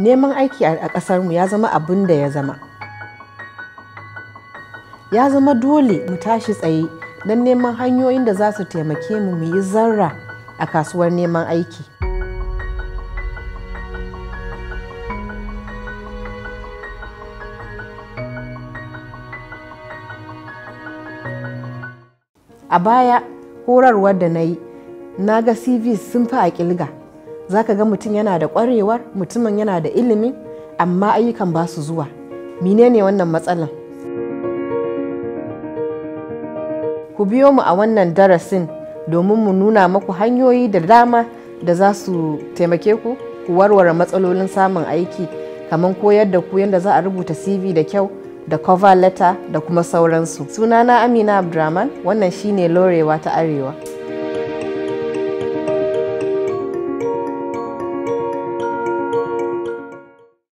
neman aiki a ƙasarmu ya zama abin da ya zama ya zama dole mu tashi tsaye don neman hanyoyin da za su taimake mu mu yi zarra a kasuwar neman aiki a baya horarwar da na yi na ga cv sun fi a kilga za ka ga mutum yana da ƙwarewar mutumin yana da ilimi amma ayyukan ba su zuwa menene wannan matsalan ku biyo mu a wannan darasin domin mu nuna maku hanyoyi da dama da za su taimake ku ku warware matsalolin samun aiki kamar koyar da ku yadda za a rubuta cv da kyau da cover letter da kuma sauransu sunana amina abdulrahman wannan shine lorewa ta arewa